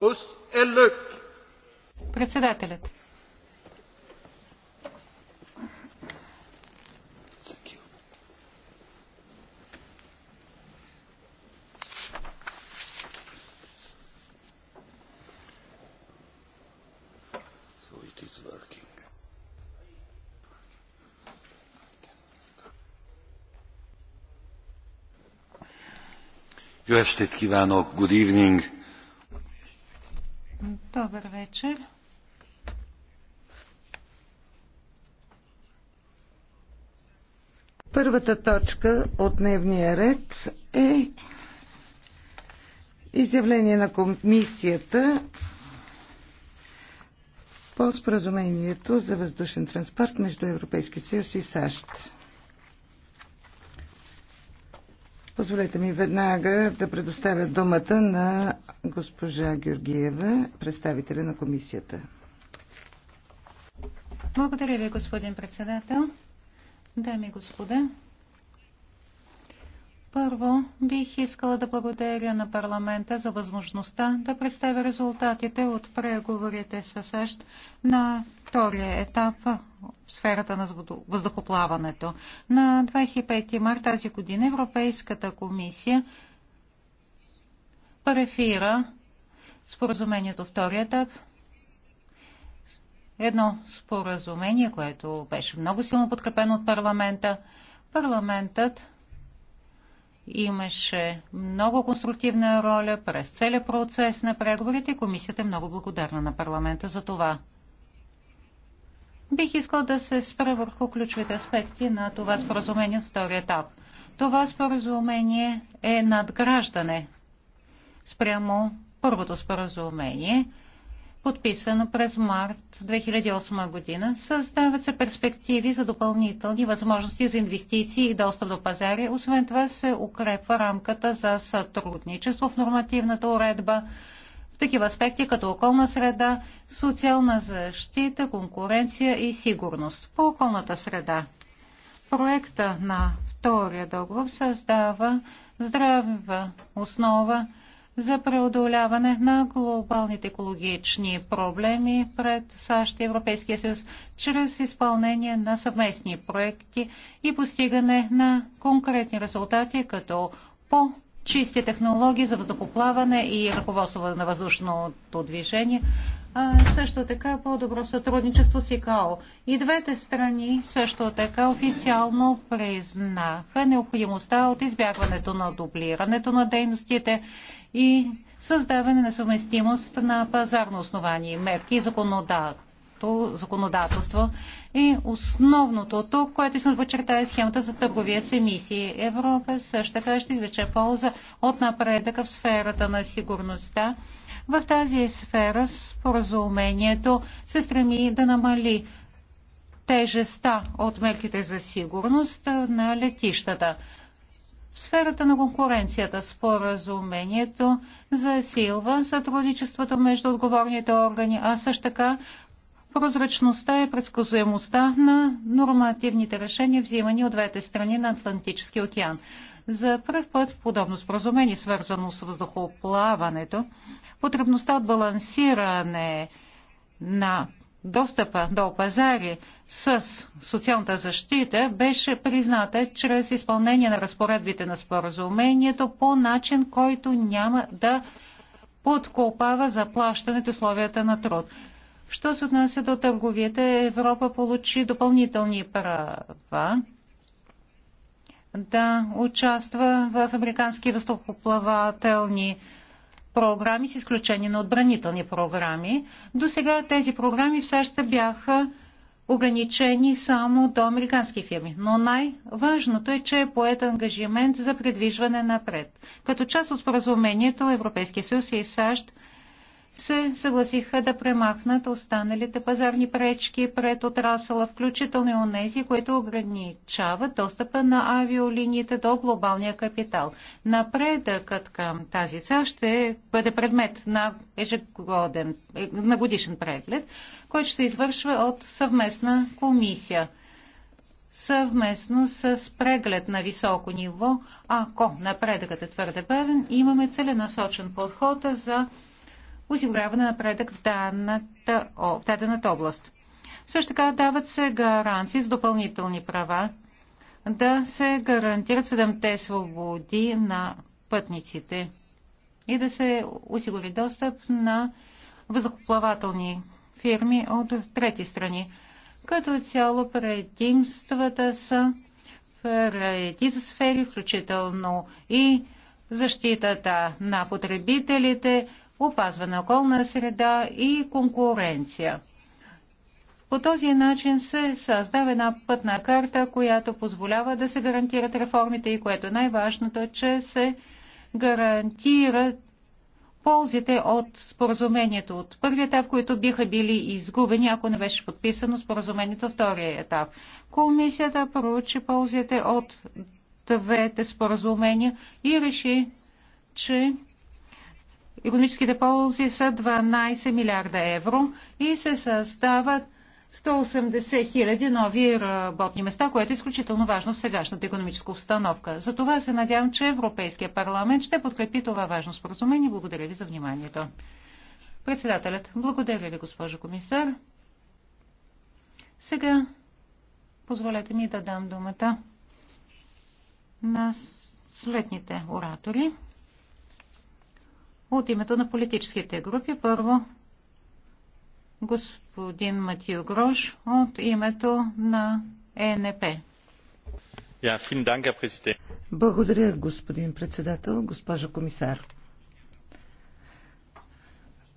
Ус е лък. Председателят. Jó estét kívánok, good evening! Добър вечер. Първата точка от дневния ред е изявление на комисията по споразумението за въздушен транспорт между Европейския съюз и САЩ. Позволете ми веднага да предоставя думата на госпожа Георгиева, представителя на комисията. Благодаря ви, господин председател. Дами и господа, първо, бих искала да благодаря на парламента за възможността да представя резултатите от преговорите с САЩ на втория етап в сферата на въздухоплаването. На 25 март тази година Европейската комисия префира споразумението втория етап едно споразумение, което беше много силно подкрепено от парламента. Парламентът имаше много конструктивна роля през целия процес на преговорите и комисията е много благодарна на парламента за това. Бих искал да се спра върху ключовите аспекти на това споразумение от втори етап. Това споразумение е надграждане спрямо първото споразумение – подписано през март 2008 година, създават се перспективи за допълнителни възможности за инвестиции и достъп до пазари. Освен това се укрепва рамката за сътрудничество в нормативната уредба в такива аспекти като околна среда, социална защита, конкуренция и сигурност. По околната среда. Проекта на втория договор създава здрава основа за преодоляване на глобалните екологични проблеми пред САЩ и Европейския съюз чрез изпълнение на съвместни проекти и постигане на конкретни резултати като по чисти технологии за въздухоплаване и ръководство на въздушното движение, а също така по-добро сътрудничество с ИКАО. И двете страни също така официално признаха необходимостта от избягването на дублирането на дейностите и създаване на съвместимост на пазарно основание мерки и законодателство българското законодателство. И основното тук, което искам да подчертая е схемата за търговия с емисии. Европа също така ще извлече полза от напредъка в сферата на сигурността. В тази сфера споразумението се стреми да намали тежеста от мерките за сигурност на летищата. В сферата на конкуренцията споразумението засилва сътрудничеството между отговорните органи, а също така прозрачността и е предсказуемостта на нормативните решения, взимани от двете страни на Атлантическия океан. За първ път в подобно споразумение, свързано с въздухоплаването, потребността от балансиране на достъпа до пазари с социалната защита беше призната чрез изпълнение на разпоредбите на споразумението по начин, който няма да подкопава заплащането условията на труд. Що се отнася до търговията, Европа получи допълнителни права да участва в американски въздухоплавателни програми, с изключение на отбранителни програми. До сега тези програми в САЩ бяха ограничени само до американски фирми. Но най-важното е, че е поет ангажимент за предвижване напред. Като част от споразумението Европейския съюз и САЩ – се съгласиха да премахнат останалите пазарни пречки пред отрасъла, включително и онези, които ограничават достъпа на авиолиниите до глобалния капитал. Напредъкът към тази цел ще бъде предмет на, ежегоден, на годишен преглед, който ще се извършва от съвместна комисия съвместно с преглед на високо ниво, ако напредъкът е твърде бавен, имаме целенасочен подход за осигуряване на напредък в, в дадената област. Също така дават се гаранции с допълнителни права да се гарантират седемте свободи на пътниците и да се осигури достъп на въздухоплавателни фирми от трети страни. Като цяло предимствата са в редица сфери, включително и защитата на потребителите, опазване на околна среда и конкуренция. По този начин се създава една пътна карта, която позволява да се гарантират реформите и което е най-важното е, че се гарантират ползите от споразумението от първи етап, които биха били изгубени, ако не беше подписано споразумението втория етап. Комисията проучи ползите от двете споразумения и реши, че економическите ползи са 12 милиарда евро и се създават 180 хиляди нови работни места, което е изключително важно в сегашната економическа обстановка. За това се надявам, че Европейския парламент ще подкрепи това важно споразумение. Благодаря ви за вниманието. Председателят, благодаря ви, госпожо комисар. Сега позволете ми да дам думата на следните оратори от името на политическите групи. Първо, господин Матио Грош от името на ЕНП. Благодаря, господин председател, госпожа комисар.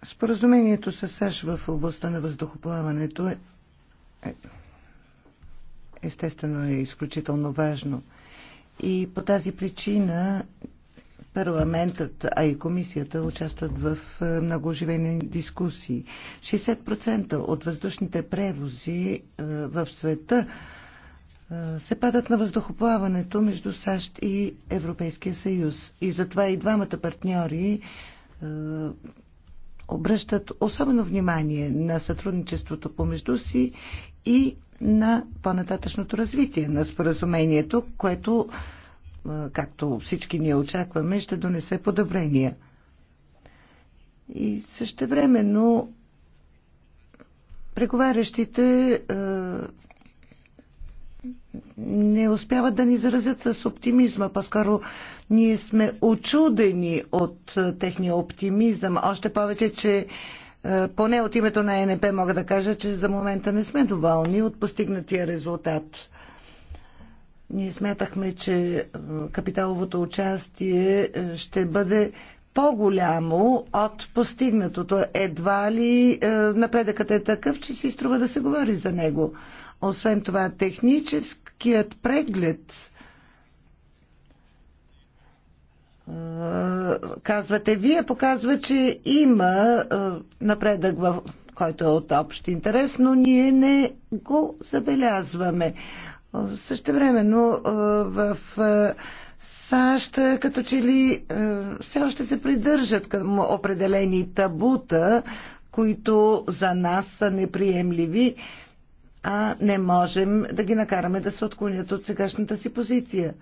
Споразумението с САЩ в областта на въздухоплаването е, е естествено е изключително важно. И по тази причина парламентът, а и комисията участват в е, много оживени дискусии. 60% от въздушните превози е, в света е, се падат на въздухоплаването между САЩ и Европейския съюз. И затова и двамата партньори обръщат особено внимание на сътрудничеството помежду си и на по-нататъчното развитие на споразумението, което както всички ние очакваме, ще донесе подобрения. И същевременно преговарящите не успяват да ни заразят с оптимизма. По-скоро ние сме очудени от техния оптимизъм. Още повече, че поне от името на ЕНП мога да кажа, че за момента не сме доволни от постигнатия резултат. Ние смятахме, че капиталовото участие е, ще бъде по-голямо от постигнатото. Едва ли е, напредъкът е такъв, че си струва да се говори за него. Освен това, техническият преглед е, казвате вие, показва, че има напредък, в който е от общ интерес, но ние не го забелязваме време, но е, в е, САЩ е, като че ли все още се придържат към определени табута, които за нас са неприемливи, а не можем да ги накараме да се отклонят от сегашната си позиция.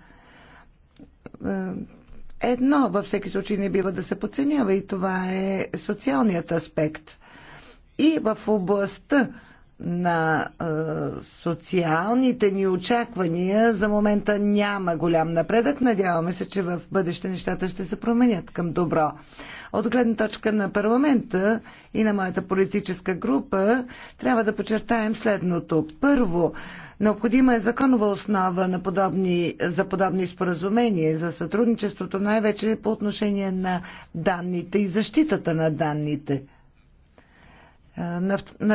Едно във всеки случай не бива да се подценява и това е социалният аспект. И в областта на е, социалните ни очаквания за момента няма голям напредък. Надяваме се, че в бъдеще нещата ще се променят към добро. От гледна точка на парламента и на моята политическа група трябва да подчертаем следното. Първо, необходима е законова основа на подобни, за подобни споразумения за сътрудничеството, най-вече по отношение на данните и защитата на данните –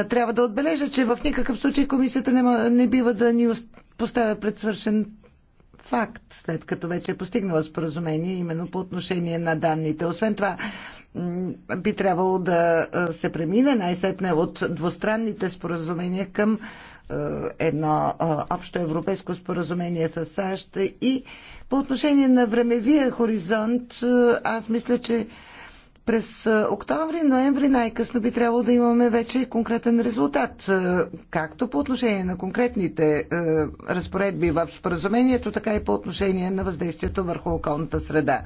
трябва да отбележа, че в никакъв случай комисията не, не бива да ни поставя пред свършен факт, след като вече е постигнала споразумение именно по отношение на данните. Освен това, би трябвало да се премине най-сетне от двустранните споразумения към едно общо европейско споразумение с САЩ. И по отношение на времевия хоризонт, аз мисля, че през октомври, ноември най-късно би трябвало да имаме вече конкретен резултат, както по отношение на конкретните разпоредби в споразумението, така и по отношение на въздействието върху околната среда.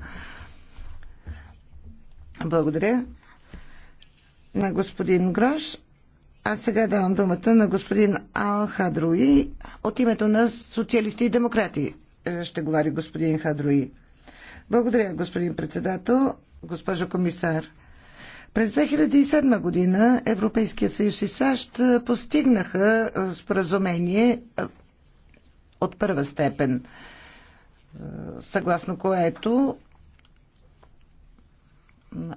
Благодаря на господин Грош. А сега давам думата на господин Ал Хадруи от името на социалисти и демократи. Е, ще говори господин Хадруи. Благодаря, господин председател госпожо комисар. През 2007 година Европейския съюз и САЩ постигнаха споразумение от първа степен, съгласно което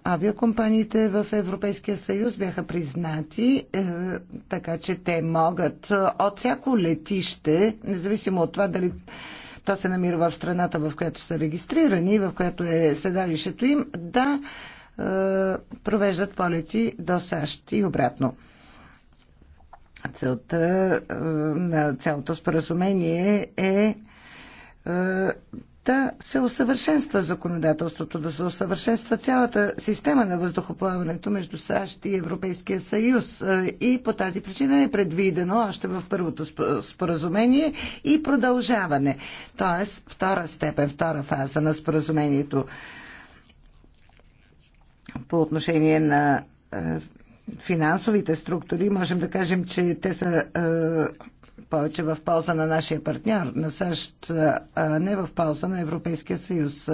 авиокомпаниите в Европейския съюз бяха признати, е, така че те могат от всяко летище, независимо от това дали то се намира в страната, в която са регистрирани, в която е седалището им, да е, провеждат полети до САЩ и обратно. Целта е, на цялото споразумение е, е да се усъвършенства законодателството, да се усъвършенства цялата система на въздухоплаването между САЩ и Европейския съюз. Е, и по тази причина е предвидено още в първото споразумение и продължаване, т.е. втора степен, втора фаза на споразумението по отношение на е, финансовите структури. Можем да кажем, че те са е, повече в полза на нашия партньор, на САЩ, а не в полза на Европейския съюз.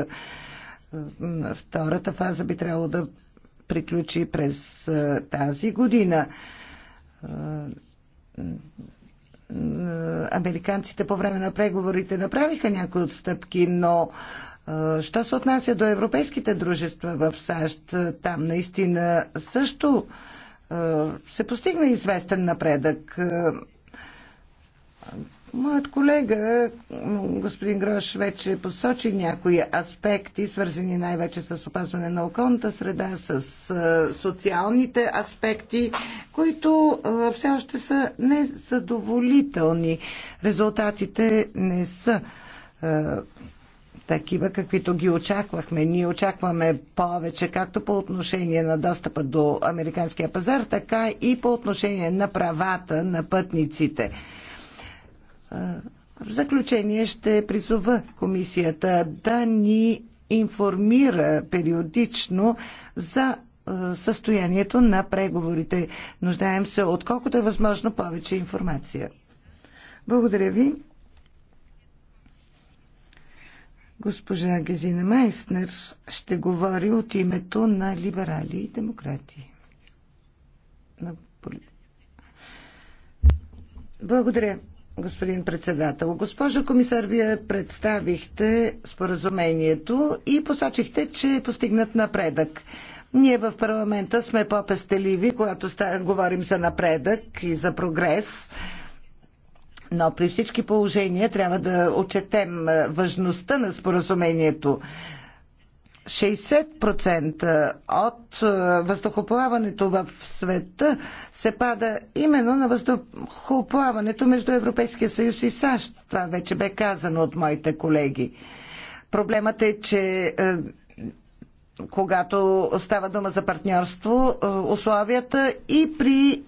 Втората фаза би трябвало да приключи през тази година американците по време на преговорите направиха някои отстъпки, но що се отнася до европейските дружества в САЩ, там наистина също се постигна известен напредък. Моят колега, господин Грош, вече посочи някои аспекти, свързани най-вече с опазване на околната среда, с социалните аспекти, които все още са незадоволителни. Резултатите не са такива, каквито ги очаквахме. Ние очакваме повече, както по отношение на достъпа до американския пазар, така и по отношение на правата на пътниците. В заключение ще призова комисията да ни информира периодично за състоянието на преговорите. Нуждаем се отколкото е възможно повече информация. Благодаря ви. Госпожа Гезина Майснер ще говори от името на либерали и демократи. Благодаря господин председател. Госпожо комисар, вие представихте споразумението и посочихте, че е постигнат напредък. Ние в парламента сме по-пестеливи, когато ста... говорим за напредък и за прогрес. Но при всички положения трябва да отчетем важността на споразумението. 60% от е, въздухоплаването в света се пада именно на въздухоплаването между Европейския съюз и САЩ. Това вече бе казано от моите колеги. Проблемът е, че е, когато става дума за партньорство, е, условията и при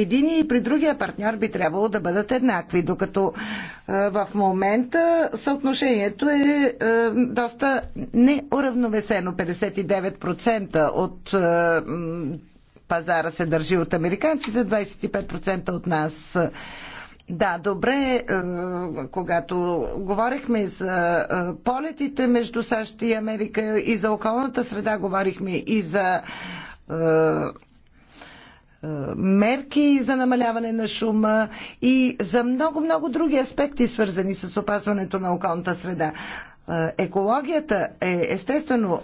един и при другия партньор би трябвало да бъдат еднакви, докато в момента съотношението е доста неуравновесено. 59% от пазара се държи от американците, 25% от нас. Да, добре, е, когато говорихме за е, полетите между САЩ и Америка и за околната среда, говорихме и за е, е, мерки за намаляване на шума и за много-много други аспекти, свързани с опазването на околната среда. Е, екологията е естествено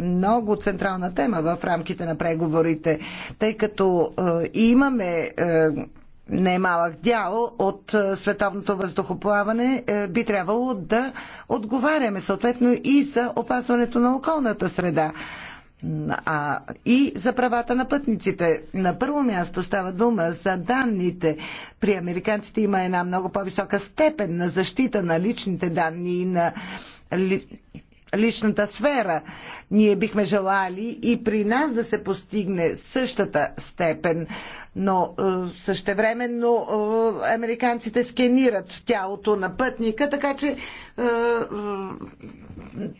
много централна тема в рамките на преговорите, тъй като е, имаме немалък дял от световното въздухоплаване, би трябвало да отговаряме съответно и за опазването на околната среда а и за правата на пътниците. На първо място става дума за данните. При американците има една много по-висока степен на защита на личните данни и на личната сфера. Ние бихме желали и при нас да се постигне същата степен, но е, същевременно е, американците скенират тялото на пътника, така че е,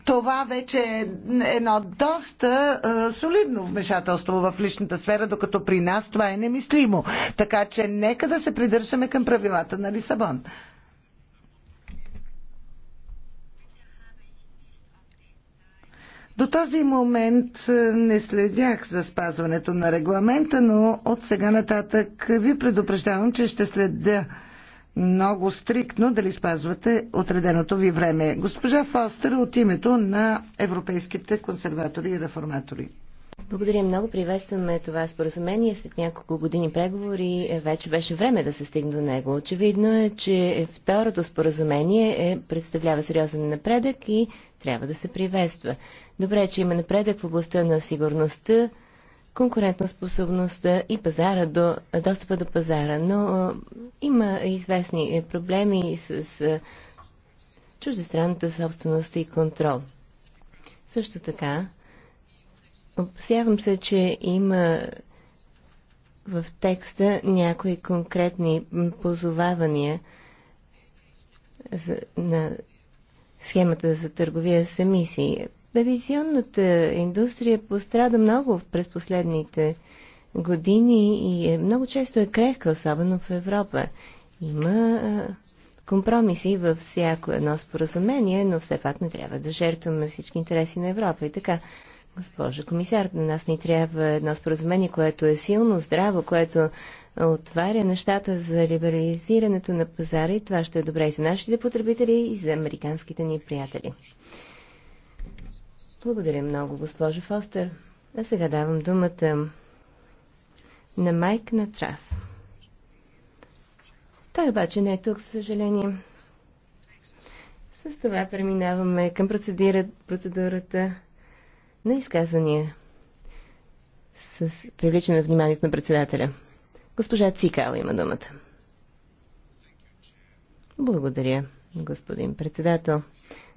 това вече е едно доста солидно вмешателство в личната сфера, докато при нас това е немислимо. Така че нека да се придържаме към правилата на Лисабон. До този момент е, не следях за спазването на регламента, но от сега нататък ви предупреждавам, че ще следя много стриктно дали спазвате отреденото ви време. Госпожа Фостер от името на европейските консерватори и реформатори. Благодаря много. Приветстваме това споразумение. След няколко години преговори вече беше време да се стигне до него. Очевидно е, че второто споразумение е, представлява сериозен напредък и трябва да се приветства. Добре, е, че има напредък в областта на сигурността, конкурентоспособността и пазара до, достъпа до пазара, но има известни проблеми с чуждестранната собственост и контрол. Също така, Опасявам се, че има в текста някои конкретни позовавания на схемата за търговия с емисии. Авиационната индустрия пострада много през последните години и е много често е крехка, особено в Европа. Има компромиси във всяко едно споразумение, но все пак не трябва да жертваме всички интереси на Европа. И така, Госпожа комисар, на нас ни трябва едно споразумение, което е силно, здраво, което отваря нещата за либерализирането на пазара и това ще е добре и за нашите потребители и за американските ни приятели. Благодаря много, госпожо Фостер. А сега давам думата на Майк на Трас. Той обаче не е тук, съжаление. С това преминаваме към процедурата на изказвания с привличане вниманието на председателя. Госпожа Цикал има думата. Благодаря, господин председател.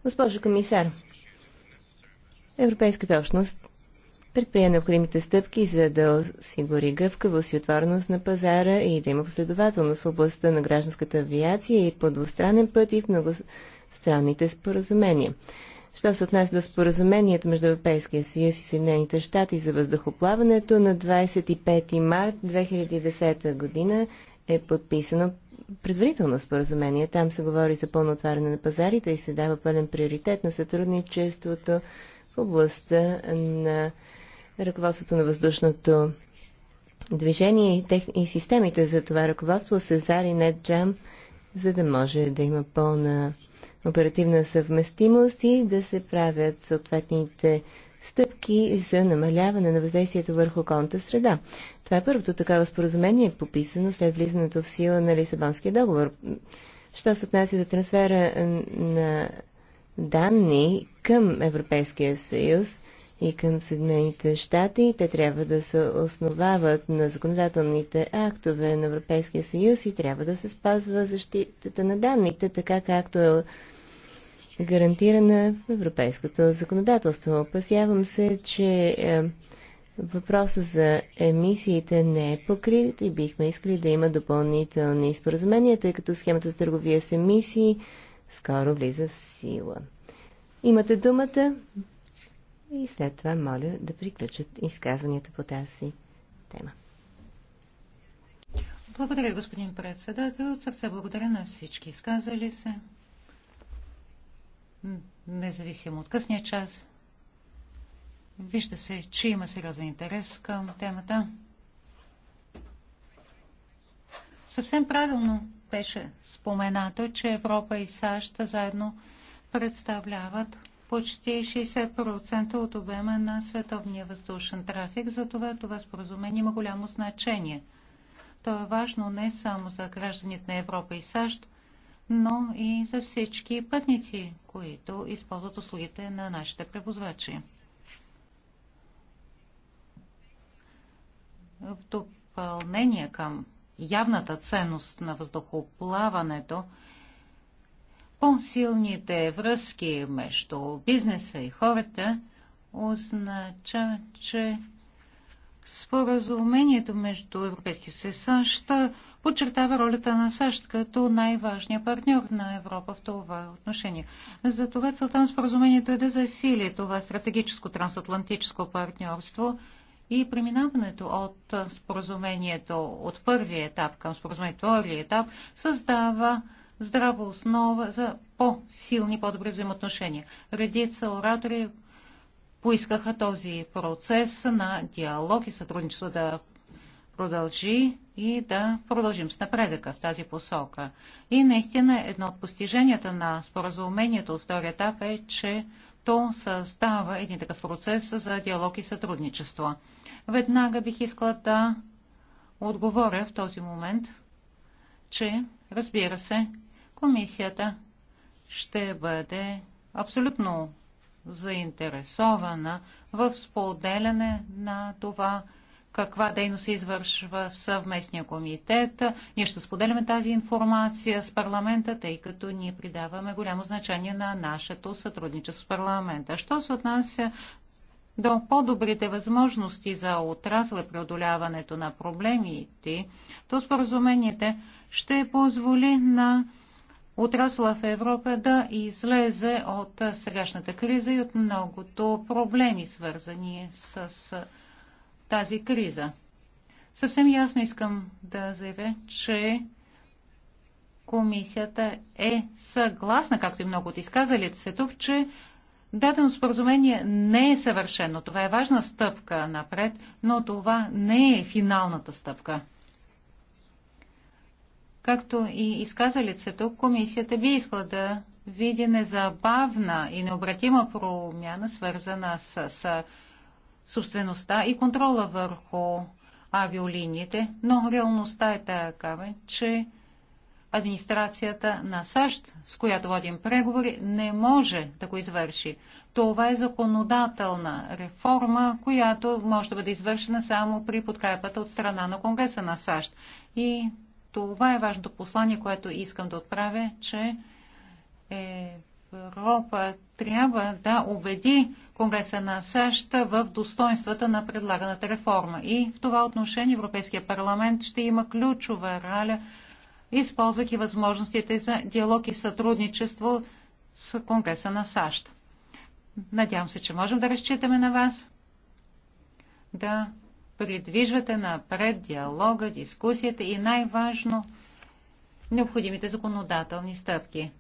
Госпожо комисар, Европейската общност предприе необходимите стъпки, за да осигури гъвкавост и отвореност на пазара и да има последователност в областта на гражданската авиация и по двустранен път и в многостранните споразумения. Що се отнася до споразумението между Европейския съюз и Съединените щати за въздухоплаването на 25 март 2010 година е подписано предварително споразумение. Там се говори за пълно отваряне на пазарите и се дава пълен приоритет на сътрудничеството в областта на ръководството на въздушното движение и, системите за това ръководство Сезар и Неджам, за да може да има пълна оперативна съвместимост и да се правят съответните стъпки за намаляване на въздействието върху околната среда. Това е първото такава споразумение, е пописано след влизането в сила на Лисабонския договор. Що се отнася за трансфера е, на данни към Европейския съюз и към Съединените щати, те трябва да се основават на законодателните актове на Европейския съюз и трябва да се спазва защитата на данните, така както е гарантирана в европейското законодателство. Опасявам се, че е, въпроса въпросът за емисиите не е покрит и бихме искали да има допълнителни споразумения, тъй като схемата за търговия с емисии скоро влиза в сила. Имате думата и след това моля да приключат изказванията по тази тема. Благодаря, господин председател. От сърце благодаря на всички изказали се независимо от късния час. Вижда се, че има сериозен интерес към темата. Съвсем правилно беше споменато, че Европа и САЩ заедно представляват почти 60% от обема на световния въздушен трафик, затова това споразумение има голямо значение. То е важно не само за гражданите на Европа и САЩ, но и за всички пътници, които използват услугите на нашите превозвачи. В допълнение към явната ценност на въздухоплаването, по-силните връзки между бизнеса и хората означава, че споразумението между Европейския съюз и САЩ подчертава ролята на САЩ като най-важния партньор на Европа в това отношение. Затова целта на споразумението е да засили това стратегическо трансатлантическо партньорство и преминаването от споразумението от първия етап към споразумението втория етап създава здрава основа за по-силни, по-добри взаимоотношения. Редица оратори поискаха този процес на диалог и сътрудничество да продължи и да продължим с напредъка в тази посока. И наистина едно от постиженията на споразумението от втория етап е, че то създава един такъв процес за диалог и сътрудничество. Веднага бих искала да отговоря в този момент, че, разбира се, комисията ще бъде абсолютно заинтересована в споделяне на това каква дейност се извършва в съвместния комитет. Ние ще споделяме тази информация с парламента, тъй като ние придаваме голямо значение на нашето сътрудничество с парламента. Що се отнася до по-добрите възможности за отрасла преодоляването на проблемите, то споразумението ще позволи на отрасла в Европа да излезе от сегашната криза и от многото проблеми, свързани с тази криза. Съвсем ясно искам да заявя, че комисията е съгласна, както и много от изказалите се тук, че дадено споразумение не е съвършено. Това е важна стъпка напред, но това не е финалната стъпка. Както и изказалите се тук, комисията би искала да види незабавна и необратима промяна, свързана с, с собствеността и контрола върху авиолиниите, но реалността е такава, че администрацията на САЩ, с която водим преговори, не може да го извърши. Това е законодателна реформа, която може да бъде извършена само при подкрепата от страна на Конгреса на САЩ. И това е важното послание, което искам да отправя, че е Европа трябва да убеди Конгреса на САЩ в достоинствата на предлаганата реформа. И в това отношение Европейския парламент ще има ключова роля, използвайки възможностите за диалог и сътрудничество с Конгреса на САЩ. Надявам се, че можем да разчитаме на вас да придвижвате напред диалога, дискусията и най-важно необходимите законодателни стъпки.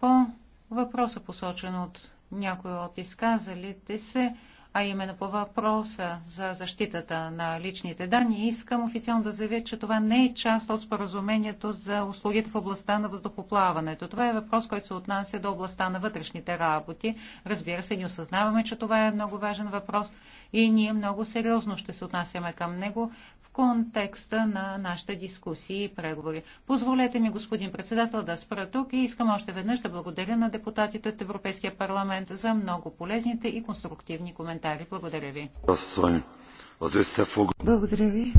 По въпроса, посочен от някой от изказалите се, а именно по въпроса за защитата на личните данни, искам официално да заявя, че това не е част от споразумението за услугите в областта на въздухоплаването. Това е въпрос, който се отнася до областта на вътрешните работи. Разбира се, ни осъзнаваме, че това е много важен въпрос, и ние много сериозно ще се отнасяме към него в контекста на нашите дискусии и преговори. Позволете ми, господин председател, да спра тук и искам още веднъж да благодаря на депутатите от Европейския парламент за много полезните и конструктивни коментари. Благодаря ви. Благодаря ви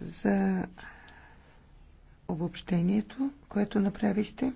за обобщението, което направихте.